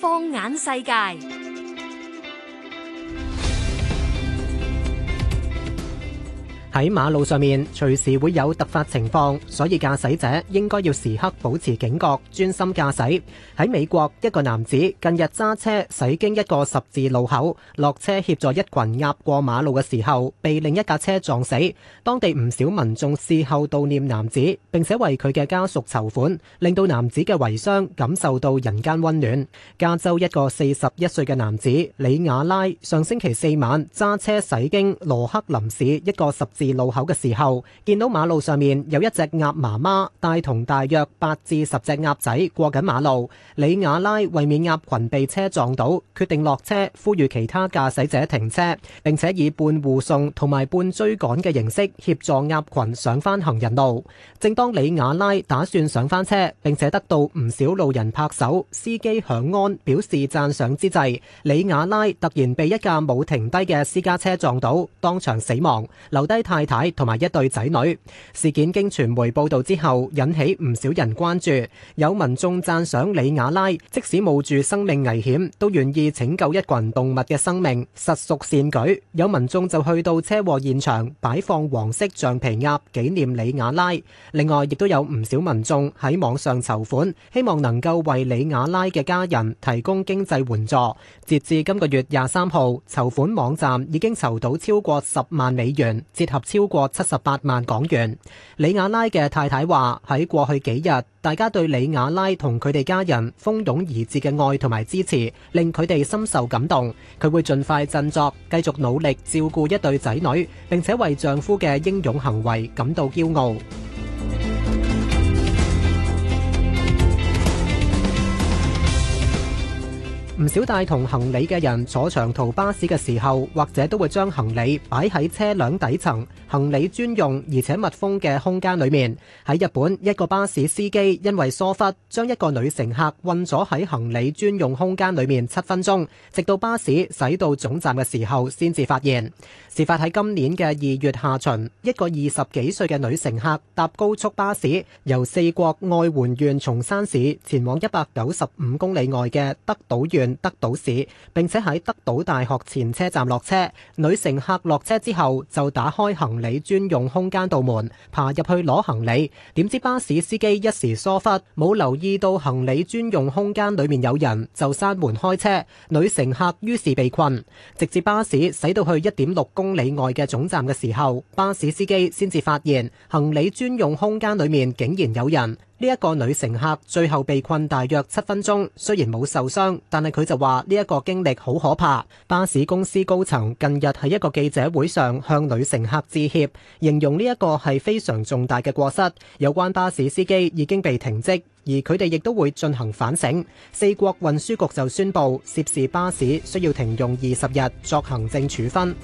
放眼世界。喺馬路上面隨時會有突發情況，所以駕駛者應該要時刻保持警覺，專心駕駛。喺美國，一個男子近日揸車駛經一個十字路口，落車協助一群鴨過馬路嘅時候，被另一架車撞死。當地唔少民眾事後悼念男子，並且為佢嘅家屬籌款，令到男子嘅遺孀感受到人間溫暖。加州一個四十一歲嘅男子李亞拉上星期四晚揸車駛經羅克林市一個十字路口嘅時候，見到馬路上面有一隻鴨媽媽帶同大約八至十隻鴨仔過緊馬路。李亞拉為免鴨群被車撞到，決定落車呼籲其他駕駛者停車，並且以半護送同埋半追趕嘅形式協助鴨群上翻行人路。正當李亞拉打算上翻車，並且得到唔少路人拍手、司機響安表示讚賞之際，李亞拉突然被一架冇停低嘅私家車撞到，當場死亡，留低。太太同埋一對仔女，事件經傳媒報道之後，引起唔少人關注。有民眾讚賞李亞拉即使冒住生命危險，都願意拯救一群動物嘅生命，實屬善舉。有民眾就去到車禍現場擺放黃色橡皮鴨紀念李亞拉。另外，亦都有唔少民眾喺網上籌款，希望能夠為李亞拉嘅家人提供經濟援助。截至今個月廿三號，籌款網站已經籌到超過十萬美元，折合，超過七十八萬港元。李亞拉嘅太太話：喺過去幾日，大家對李亞拉同佢哋家人蜂擁而至嘅愛同埋支持，令佢哋深受感動。佢會盡快振作，繼續努力照顧一對仔女，並且為丈夫嘅英勇行為感到驕傲。小帶同行李嘅人坐長途巴士嘅時候，或者都會將行李擺喺車輛底層行李專用而且密封嘅空間裏面。喺日本，一個巴士司機因為疏忽，將一個女乘客困咗喺行李專用空間裏面七分鐘，直到巴士駛到總站嘅時候先至發現。事發喺今年嘅二月下旬，一個二十幾歲嘅女乘客搭高速巴士，由四國愛媛縣松山市前往一百九十五公里外嘅德島縣。德島市，並且喺德島大學前車站落車，女乘客落車之後就打開行李專用空間道門，爬入去攞行李。點知巴士司機一時疏忽，冇留意到行李專用空間裏面有人，就閂門開車，女乘客於是被困。直至巴士駛到去一點六公里外嘅總站嘅時候，巴士司機先至發現行李專用空間裏面竟然有人。呢一個女乘客最後被困大約七分鐘，雖然冇受傷，但係佢就話呢一個經歷好可怕。巴士公司高層近日喺一個記者會上向女乘客致歉，形容呢一個係非常重大嘅過失。有關巴士司機已經被停職，而佢哋亦都會進行反省。四國運輸局就宣布涉事巴士需要停用二十日作行政處分。